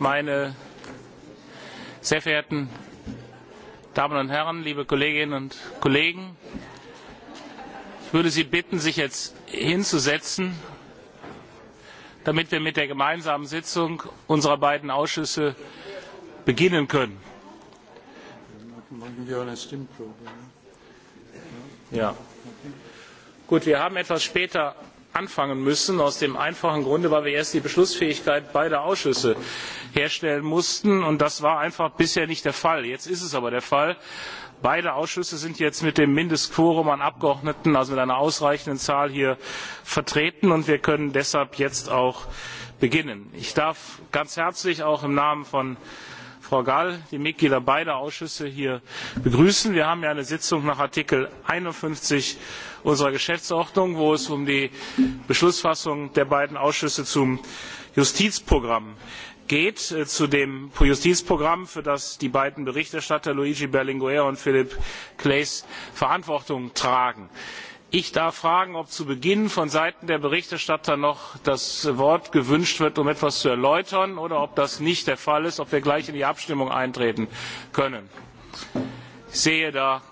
meine sehr verehrten Damen und Herren, liebe Kolleginnen und Kollegen. Ich würde Sie bitten, sich jetzt hinzusetzen, damit wir mit der gemeinsamen Sitzung unserer beiden Ausschüsse beginnen können. Ja. Gut, wir haben etwas später anfangen müssen, aus dem einfachen Grunde, weil wir erst die Beschlussfähigkeit beider Ausschüsse herstellen mussten. Und das war einfach bisher nicht der Fall. Jetzt ist es aber der Fall. Beide Ausschüsse sind jetzt mit dem Mindestquorum an Abgeordneten, also mit einer ausreichenden Zahl hier vertreten und wir können deshalb jetzt auch beginnen. Ich darf ganz herzlich auch im Namen von Frau Gall, die Mitglieder beider Ausschüsse hier begrüßen. Wir haben ja eine Sitzung nach Artikel 51 unserer Geschäftsordnung, wo es um die Beschlussfassung der beiden Ausschüsse zum Justizprogramm geht äh, zu dem Justizprogramm, für das die beiden Berichterstatter Luigi Berlinguer und Philipp Claes Verantwortung tragen. Ich darf fragen, ob zu Beginn von Seiten der Berichterstatter noch das Wort gewünscht wird, um etwas zu erläutern, oder ob das nicht der Fall ist, ob wir gleich in die Abstimmung eintreten können. Ich sehe da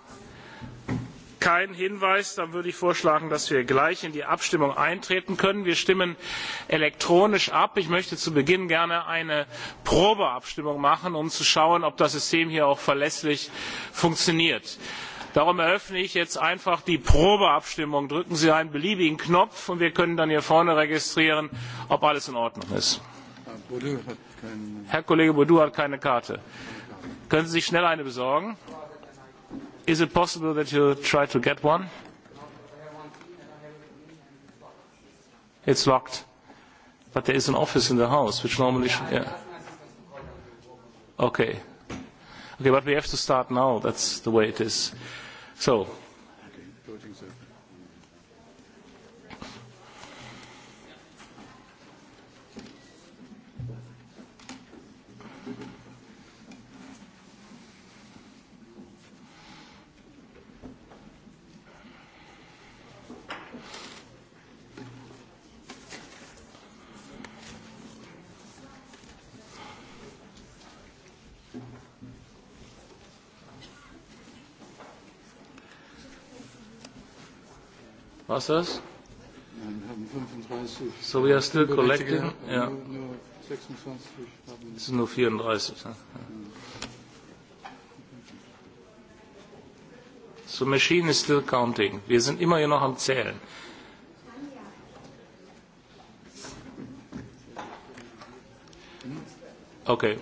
keinen Hinweis, dann würde ich vorschlagen, dass wir gleich in die Abstimmung eintreten können. Wir stimmen elektronisch ab. Ich möchte zu Beginn gerne eine Probeabstimmung machen, um zu schauen, ob das System hier auch verlässlich funktioniert. Darum eröffne ich jetzt einfach die Probeabstimmung. Drücken Sie einen beliebigen Knopf und wir können dann hier vorne registrieren, ob alles in Ordnung ist. Herr Kollege Boudou hat keine Karte. Können Sie sich schnell eine besorgen? Is it possible that you try to get one? It's locked. But there is an office in the house, which normally... Yeah. Okay. Okay, but we have to start now. That's the way it is. So, Was So we are still collecting. Ja. Nur, nur es sind nur 34. Ja. So machine is still counting. Wir sind immer hier noch am Zählen. Okay.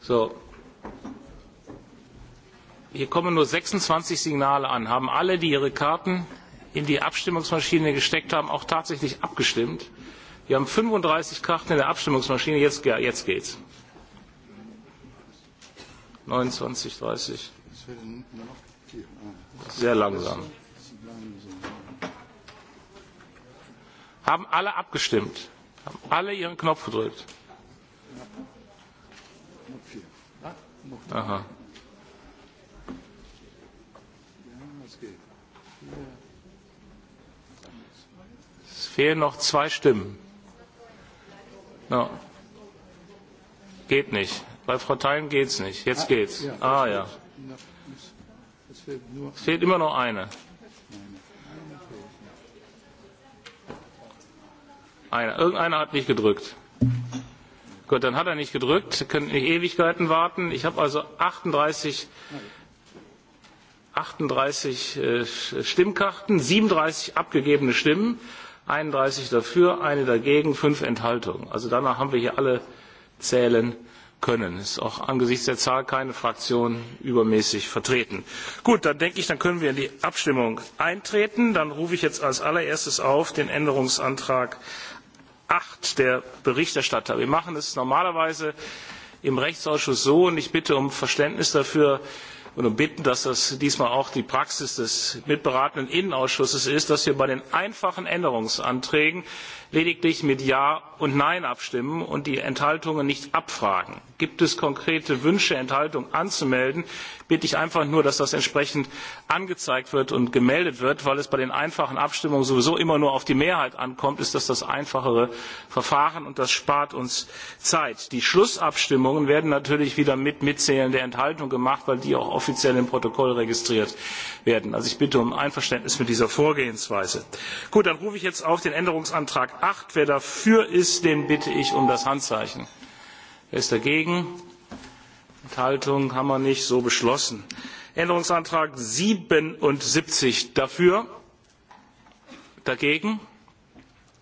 So, Hier kommen nur 26 Signale an. Haben alle, die ihre Karten in die Abstimmungsmaschine gesteckt haben, auch tatsächlich abgestimmt? Wir haben 35 Karten in der Abstimmungsmaschine. Jetzt, ja, jetzt geht's. 29, 30. Sehr langsam. Haben alle abgestimmt? Haben alle ihren Knopf gedrückt? Aha. Es fehlen noch zwei Stimmen. No. Geht nicht. Bei Frau Thein es nicht. Jetzt ah, geht's. Ja, ah ja. Es fehlt, immer noch eine. Einer. Irgendeiner hat nicht gedrückt. Gut, dann hat er nicht gedrückt. Sie können nicht Ewigkeiten warten. Ich habe also 38 achtunddreißig äh, Stimmkarten, 37 abgegebene Stimmen, 31 dafür, eine dagegen, fünf Enthaltungen. Also danach haben wir hier alle zählen können. Ist auch angesichts der Zahl keine Fraktion übermäßig vertreten. Gut, dann denke ich, dann können wir in die Abstimmung eintreten. Dann rufe ich jetzt als allererstes auf den Änderungsantrag 8 der Berichterstatter. Wir machen es normalerweise im Rechtsausschuss so und ich bitte um Verständnis dafür, und um bitten, dass das diesmal auch die Praxis des mitberatenden Innenausschusses ist, dass wir bei den einfachen Änderungsanträgen lediglich mit Ja und Nein abstimmen und die Enthaltungen nicht abfragen. Gibt es konkrete Wünsche, Enthaltungen anzumelden, bitte ich einfach nur, dass das entsprechend angezeigt wird und gemeldet wird, weil es bei den einfachen Abstimmungen sowieso immer nur auf die Mehrheit ankommt, ist das das einfachere Verfahren und das spart uns Zeit. Die Schlussabstimmungen werden natürlich wieder mit Mitzählen der Enthaltung gemacht, weil die auch offiziell im Protokoll registriert werden. Also ich bitte um Einverständnis mit dieser Vorgehensweise. Gut, dann rufe ich jetzt auf den Änderungsantrag acht. Wer dafür ist, den bitte ich um das Handzeichen. Wer ist dagegen? Enthaltung haben wir nicht so beschlossen. Änderungsantrag 77 dafür, dagegen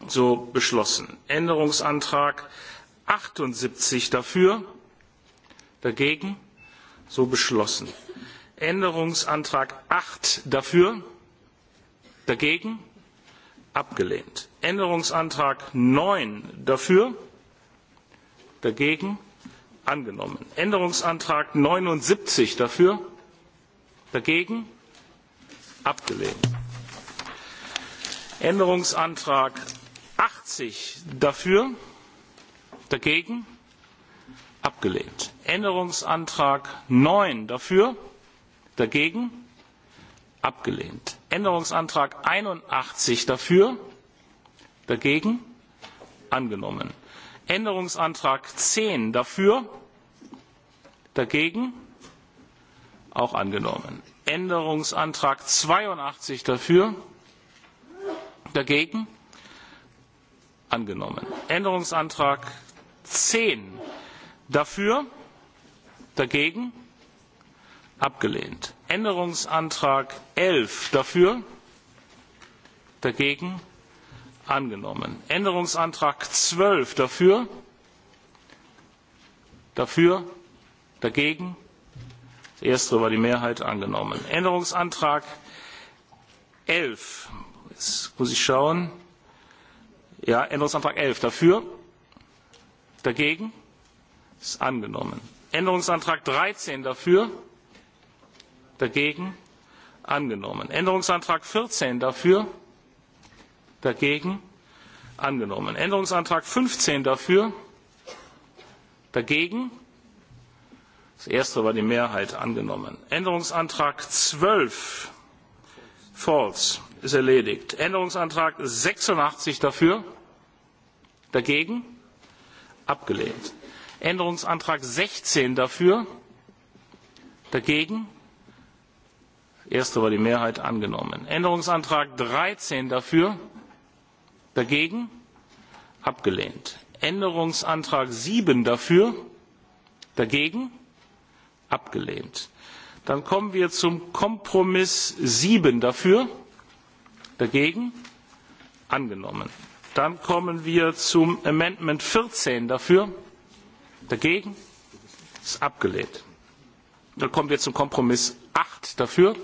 so beschlossen. Änderungsantrag 78 dafür, dagegen so beschlossen. Änderungsantrag acht dafür, dagegen, abgelehnt. Änderungsantrag neun dafür, dagegen, angenommen. Änderungsantrag 79 dafür, dagegen, abgelehnt. Änderungsantrag achtzig dafür, dagegen, abgelehnt. Änderungsantrag neun dafür, dagegen abgelehnt. Änderungsantrag einundachtzig dafür, dagegen angenommen. Änderungsantrag zehn dafür, dagegen auch angenommen. Änderungsantrag 82 dafür, dagegen angenommen. Änderungsantrag 10 Dafür? Dagegen? Abgelehnt. Änderungsantrag elf Dafür? Dagegen? Angenommen. Änderungsantrag zwölf Dafür? Dafür? Dagegen? Das erste war die Mehrheit angenommen. Änderungsantrag elf Jetzt muss ich schauen. Ja, Änderungsantrag elf Dafür? Dagegen? ist angenommen. Änderungsantrag 13 dafür, dagegen, angenommen. Änderungsantrag 14 dafür, dagegen, angenommen. Änderungsantrag 15 dafür, dagegen, das erste war die Mehrheit angenommen. Änderungsantrag 12, false, ist erledigt. Änderungsantrag 86 dafür, dagegen, abgelehnt. Änderungsantrag sechzehn dafür, dagegen. Erste war die Mehrheit angenommen. Änderungsantrag dreizehn dafür, dagegen, abgelehnt. Änderungsantrag sieben dafür, dagegen, abgelehnt. Dann kommen wir zum Kompromiss sieben dafür, dagegen, angenommen. Dann kommen wir zum Amendment vierzehn dafür, Dagegen? Ist abgelehnt. Dann kommen wir zum Kompromiss 8 dafür.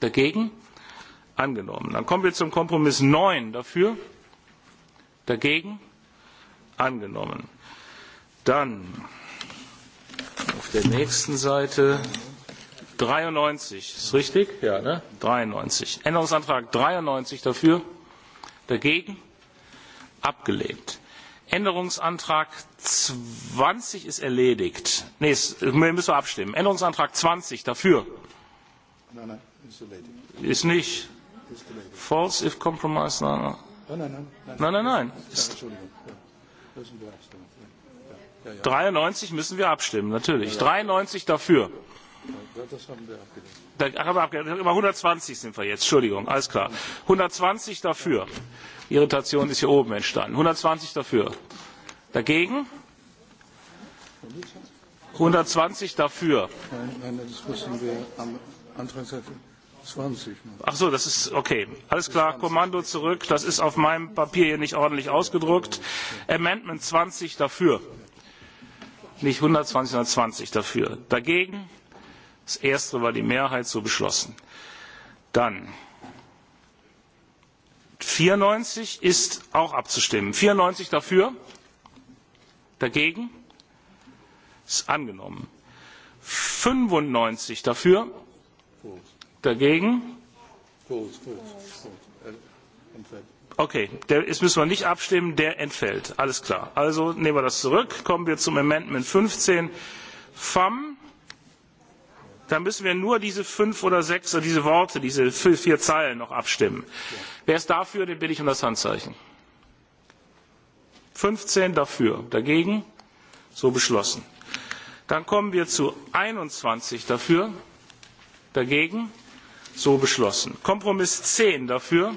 Dagegen? Angenommen. Dann kommen wir zum Kompromiss 9 dafür. Dagegen? Angenommen. Dann auf der nächsten Seite 93, ist richtig? Ja, ne? 93. Änderungsantrag 93 dafür, dagegen, abgelehnt. Änderungsantrag 20 ist erledigt. Nee, müssen wir abstimmen. Änderungsantrag 20 dafür. Nein, nein, ist erledigt. Ist nicht. Ist False if compromise. Nein, nein. nein, nein, nein, nein, nein, nein. Ist, ja, ja, ja. 93 müssen wir abstimmen, natürlich. 93 dafür. 120 sind wir jetzt, Entschuldigung, alles klar. 120 dafür. Irritation ist hier oben entstanden. 120 dafür. Dagegen? 120 dafür. Nein, nein, das müssen wir am Antrag 20. Ach so, das ist okay. Alles klar, Kommando zurück. Das ist auf meinem Papier hier nicht ordentlich ausgedruckt. Amendment 20 dafür. Nicht 120, sondern 20 dafür. Dagegen? Das erste war die Mehrheit so beschlossen. Dann 94 ist auch abzustimmen. 94 dafür, dagegen ist angenommen. 95 dafür, dagegen. Okay, der müssen wir nicht abstimmen, der entfällt. Alles klar. Also nehmen wir das zurück. Kommen wir zum Amendment 15. FAM dann müssen wir nur diese fünf oder sechs, diese Worte, diese vier Zeilen noch abstimmen. Wer ist dafür, den bitte ich um das Handzeichen. 15 dafür, dagegen, so beschlossen. Dann kommen wir zu 21 dafür, dagegen, so beschlossen. Kompromiss 10 dafür,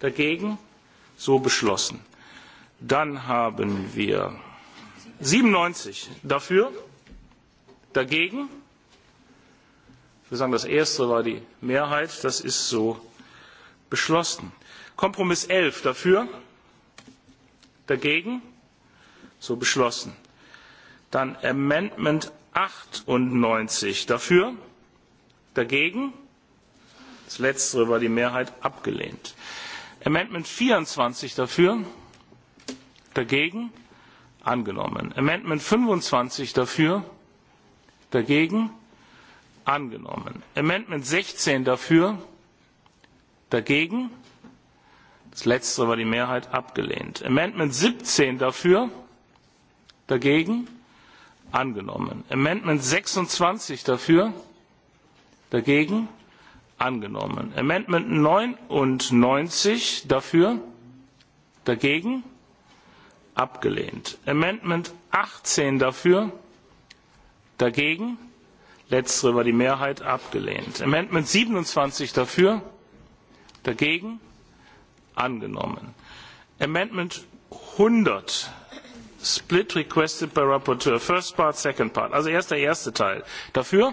dagegen, so beschlossen. Dann haben wir 97 dafür, dagegen, Wir sagen, das erste war die Mehrheit. Das ist so beschlossen. Kompromiss 11 dafür, dagegen, so beschlossen. Dann Amendment 98 dafür, dagegen. Das letztere war die Mehrheit abgelehnt. Amendment 24 dafür, dagegen, angenommen. Amendment 25 dafür, dagegen, angenommen. Amendment 16 dafür, dagegen. Das letzte war die Mehrheit abgelehnt. Amendment 17 dafür, dagegen, angenommen. Amendment 26 dafür, dagegen, angenommen. Amendment 99 dafür, dagegen, abgelehnt. Amendment 18 dafür, dagegen, letztere war die Mehrheit abgelehnt. Amendment 27 dafür, dagegen angenommen. Amendment 100 split requested by rapporteur first part second part also erst der erste Teil dafür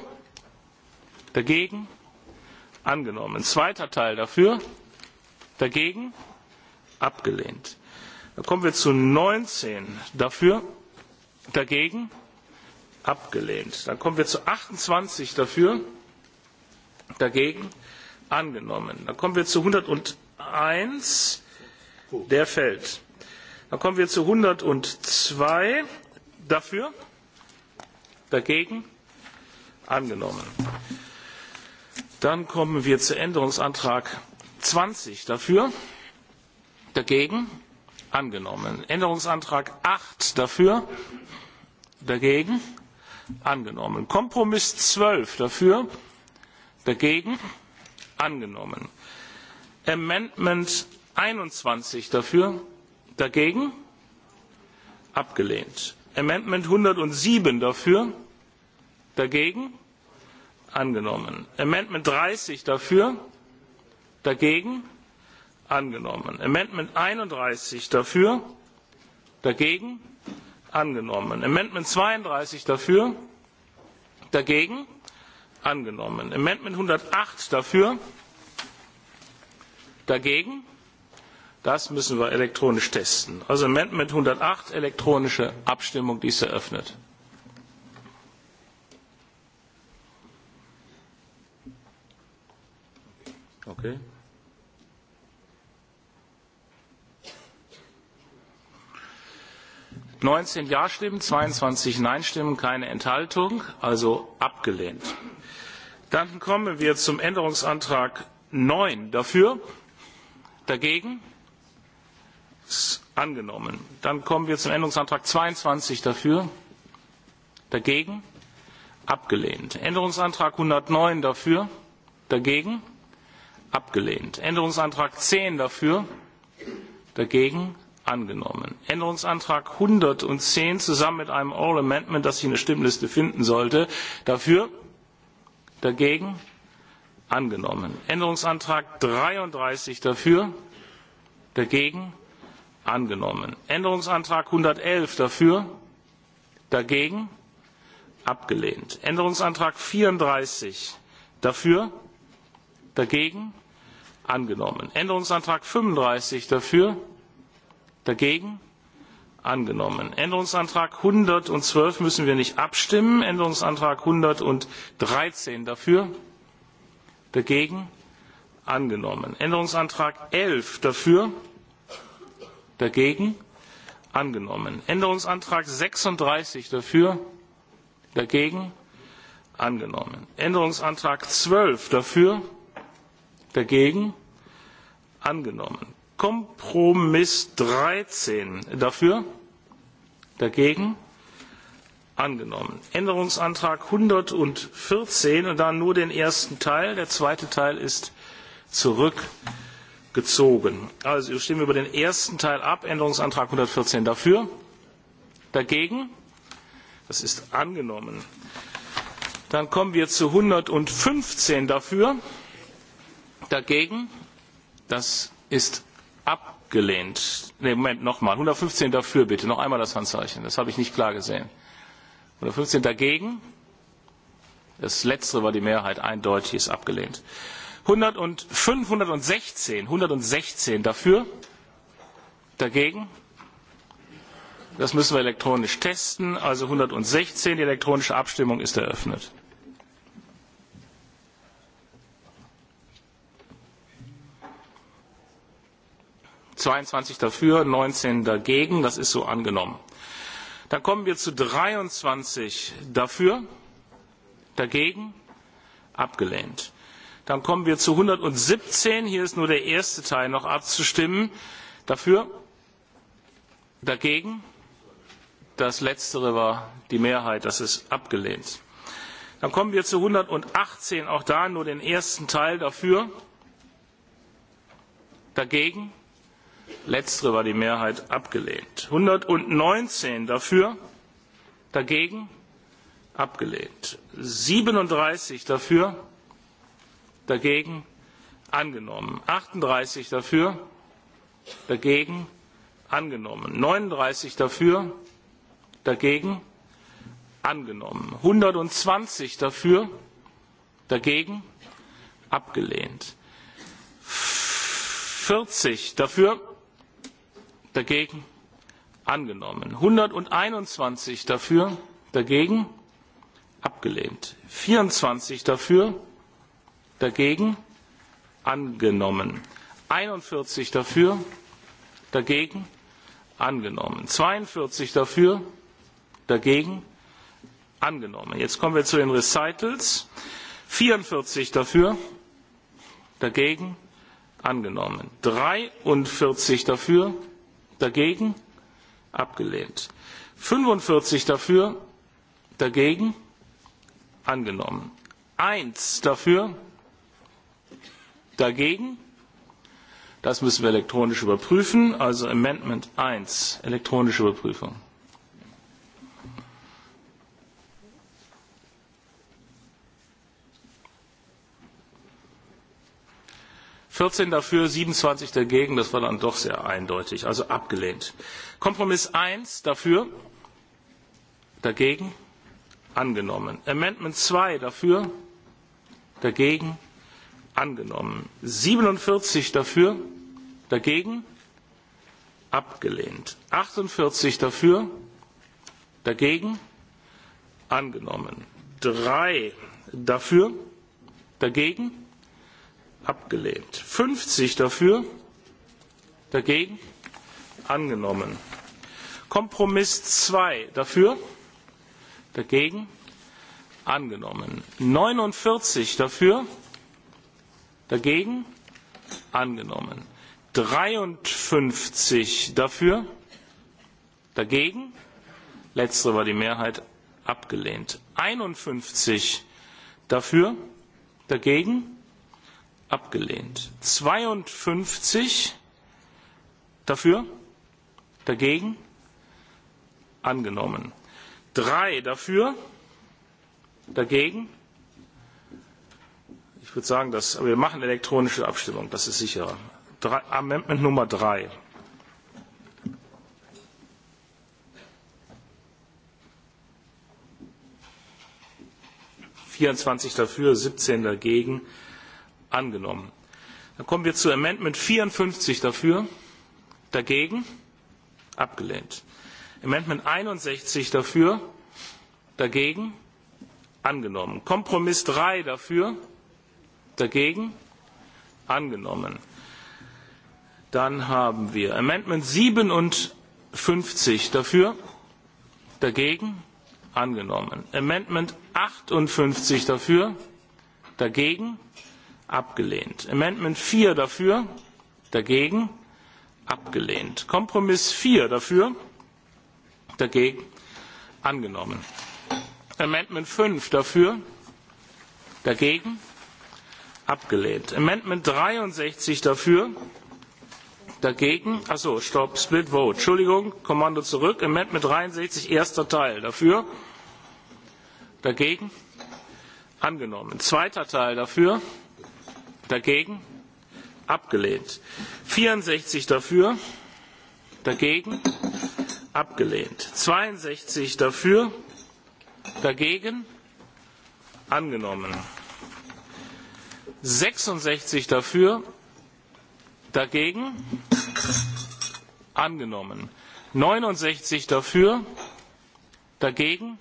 dagegen angenommen zweiter Teil dafür dagegen abgelehnt dann kommen wir zu 19 dafür dagegen abgelehnt. Dann kommen wir zu 28 dafür, dagegen angenommen. Dann kommen wir zu 101, der fällt. Dann kommen wir zu 102 dafür, dagegen angenommen. Dann kommen wir zu Änderungsantrag 20 dafür, dagegen angenommen. Änderungsantrag 8 dafür, dagegen angenommen angenommen. Kompromiss 12 dafür, dagegen angenommen. Amendment 21 dafür, dagegen abgelehnt. Amendment 107 dafür, dagegen angenommen. Amendment 30 dafür, dagegen angenommen. Amendment 31 dafür, dagegen angenommen angenommen. Amendment 32 dafür, dagegen angenommen. Amendment 108 dafür, dagegen. Das müssen wir elektronisch testen. Also Amendment 108, elektronische Abstimmung, die ist eröffnet. Okay. neunzehn Ja-Stimmen, 22 Nein-Stimmen, keine Enthaltung, also abgelehnt. Dann kommen wir zum Änderungsantrag neun Dafür? Dagegen? Ist angenommen. Dann kommen wir zum Änderungsantrag 22 dafür. Dagegen? Abgelehnt. Änderungsantrag 109 dafür. Dagegen? Abgelehnt. Änderungsantrag 10 dafür. Dagegen? angenommen. Änderungsantrag 110 zusammen mit einem Oral Amendment, das hier in der Stimmliste finden sollte. Dafür? Dagegen? Angenommen. Änderungsantrag 33 dafür? Dagegen? Angenommen. Änderungsantrag 111 dafür? Dagegen? Abgelehnt. Änderungsantrag 34 dafür? Dagegen? Angenommen. Änderungsantrag 35 dafür? Dagegen? Angenommen. Änderungsantrag 112 müssen wir nicht abstimmen. Änderungsantrag 113 dafür? Dagegen? Angenommen. Änderungsantrag 11 dafür? Dagegen? Angenommen. Änderungsantrag 36 dafür? Dagegen? Angenommen. Änderungsantrag 12 dafür? Dagegen? Angenommen. Kompromiss 13 dafür, dagegen angenommen. Änderungsantrag 114 und dann nur den ersten Teil. Der zweite Teil ist zurückgezogen. Also wir stimmen über den ersten Teil ab. Änderungsantrag 114 dafür, dagegen. Das ist angenommen. Dann kommen wir zu 115 dafür, dagegen. Das ist abgelehnt. Nee, Moment, nochmal. 115 dafür bitte. Noch einmal das Handzeichen. Das habe ich nicht klar gesehen. 115 dagegen. Das letzte war die Mehrheit eindeutig, ist abgelehnt. 100 und 516, 116 dafür, dagegen. Das müssen wir elektronisch testen. Also 116, die elektronische Abstimmung ist eröffnet. 22 dafür, 19 dagegen. Das ist so angenommen. Dann kommen wir zu 23 dafür, dagegen, abgelehnt. Dann kommen wir zu 117. Hier ist nur der erste Teil noch abzustimmen. Dafür, dagegen. Das letztere war die Mehrheit. Das ist abgelehnt. Dann kommen wir zu 118. Auch da nur den ersten Teil dafür, dagegen Letztere war die Mehrheit abgelehnt. 119 dafür, dagegen abgelehnt. 37 dafür, dagegen angenommen. 38 dafür, dagegen angenommen. 39 dafür, dagegen angenommen. 120 dafür, dagegen abgelehnt. 40 dafür, dagegen angenommen. 121 dafür, dagegen abgelehnt. 24 dafür, dagegen angenommen. 41 dafür, dagegen angenommen. 42 dafür, dagegen angenommen. Jetzt kommen wir zu den Recitals. 44 dafür, dagegen angenommen. 43 dafür, dagegen abgelehnt. 45 dafür, dagegen angenommen. 1 dafür, dagegen. Das müssen wir elektronisch überprüfen, also Amendment 1, elektronische Überprüfung. vierzehn dafür, siebenundzwanzig dagegen, das war dann doch sehr eindeutig, also abgelehnt. Kompromiss eins dafür, dagegen, angenommen. Amendment zwei dafür, dagegen, angenommen. Siebenundvierzig dafür, dagegen, abgelehnt. Achtundvierzig dafür, dagegen, angenommen. Drei dafür, dagegen, abgelehnt. fünfzig dafür, dagegen angenommen. Kompromiss zwei dafür, dagegen angenommen. neunundvierzig dafür, dagegen angenommen. dreiundfünfzig dafür, dagegen letztere war die Mehrheit abgelehnt. einundfünfzig dafür, dagegen abgelehnt. 52 dafür, dagegen, angenommen. 3 dafür, dagegen. Ich würde sagen, dass, aber wir machen elektronische Abstimmung, das ist sicherer. Drei, Amendment Nummer 3. Vierundzwanzig dafür, siebzehn dagegen angenommen. Dann kommen wir zu Amendment 54 dafür, dagegen, abgelehnt. Amendment 61 dafür, dagegen, angenommen. Kompromiss 3 dafür, dagegen, angenommen. Dann haben wir Amendment 57 dafür, dagegen, angenommen. Amendment 58 dafür, dagegen, angenommen abgelehnt. Amendment 4 dafür, dagegen, abgelehnt. Kompromiss 4 dafür, dagegen, angenommen. Amendment 5 dafür, dagegen, abgelehnt. Amendment 63 dafür, dagegen, achso, stopp, Split Vote, Entschuldigung, Kommando zurück, Amendment 63, erster Teil, dafür, dagegen, angenommen. Zweiter Teil dafür, Dagegen? Abgelehnt. 64 dafür? Dagegen? Abgelehnt. 62 dafür? Dagegen? Angenommen. 66 dafür? Dagegen? Angenommen. 69 dafür? Dagegen?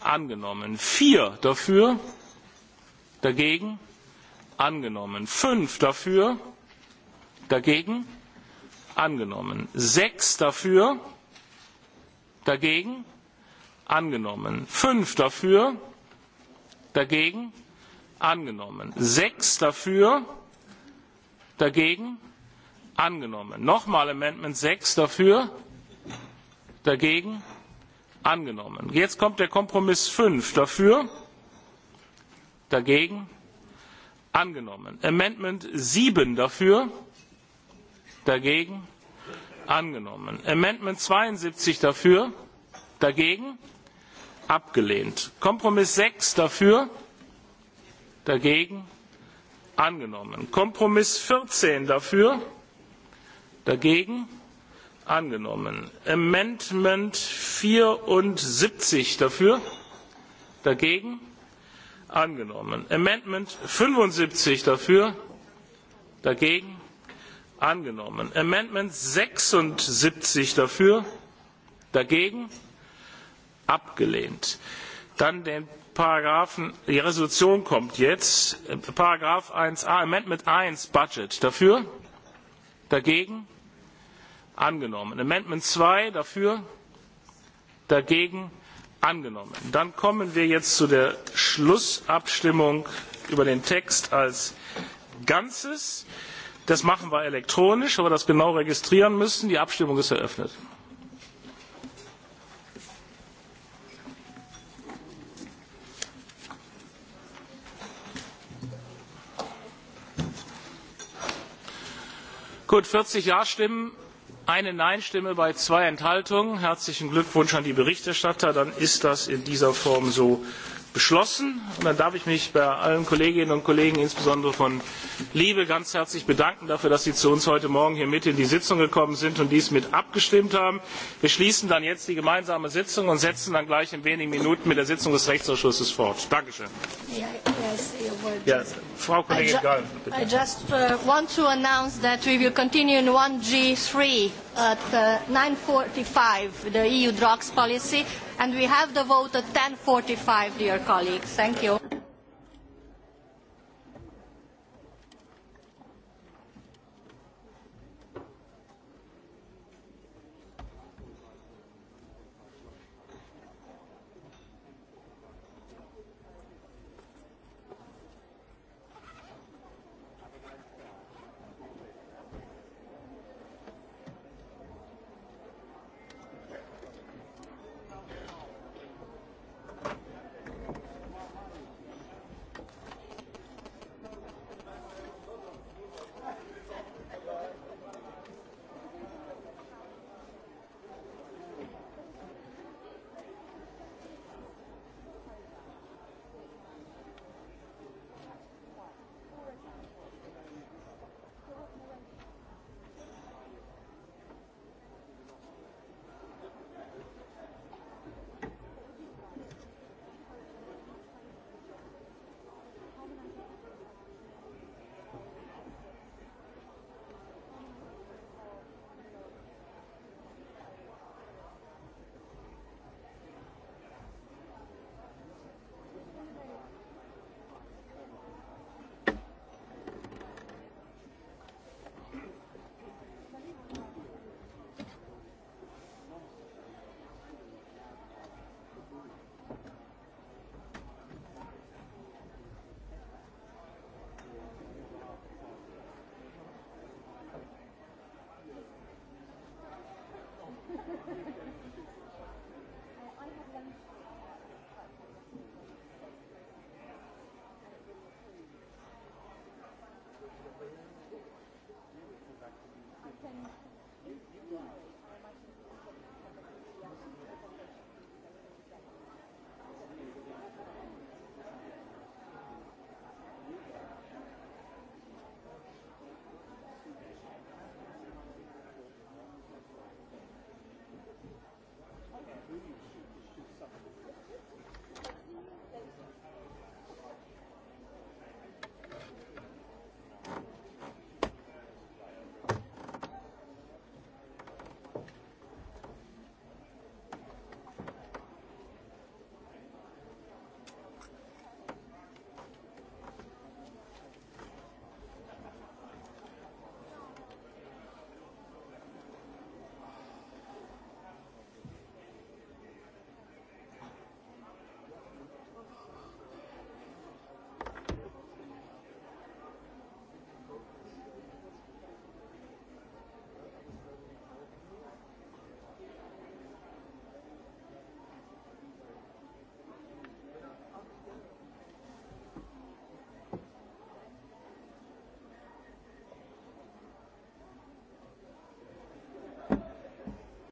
Angenommen. 4 dafür? Dagegen? angenommen. Fünf dafür, dagegen, angenommen. Sechs dafür, dagegen, angenommen. Fünf dafür, dagegen, angenommen. Sechs dafür, dagegen, angenommen. Nochmal Amendment sechs dafür, dagegen, angenommen. Jetzt kommt der Kompromiss fünf dafür, dagegen, angenommen angenommen. Amendment sieben dafür, dagegen, angenommen. Amendment 72 dafür, dagegen, abgelehnt. Kompromiss sechs dafür, dagegen, angenommen. Kompromiss vierzehn dafür, dagegen, angenommen. Amendment vierundsiebzig dafür, dagegen, angenommen angenommen. Amendment 75 dafür, dagegen angenommen. Amendment 76 dafür, dagegen abgelehnt. Dann den Paragraphen, die Resolution kommt jetzt, Paragraph 1a, Amendment 1, Budget dafür, dagegen angenommen. Amendment 2 dafür, dagegen angenommen angenommen. Dann kommen wir jetzt zu der Schlussabstimmung über den Text als Ganzes. Das machen wir elektronisch, aber das genau registrieren müssen. Die Abstimmung ist eröffnet. Gut, 40 Ja-Stimmen, Eine Nein-Stimme bei zwei Enthaltungen. Herzlichen Glückwunsch an die Berichterstatter. Dann ist das in dieser Form so beschlossen. Und dann darf ich mich bei allen Kolleginnen und Kollegen, insbesondere von Liebe, ganz herzlich bedanken dafür, dass Sie zu uns heute Morgen hier mit in die Sitzung gekommen sind und dies mit abgestimmt haben. Wir schließen dann jetzt die gemeinsame Sitzung und setzen dann gleich in wenigen Minuten mit der Sitzung des Rechtsausschusses fort. Dankeschön. Frau Kollegin I just uh, want to announce that we will continue in 1G3 at uh, 9.45, the EU drugs policy, and we have the vote at 10.45, dear colleagues. Thank you.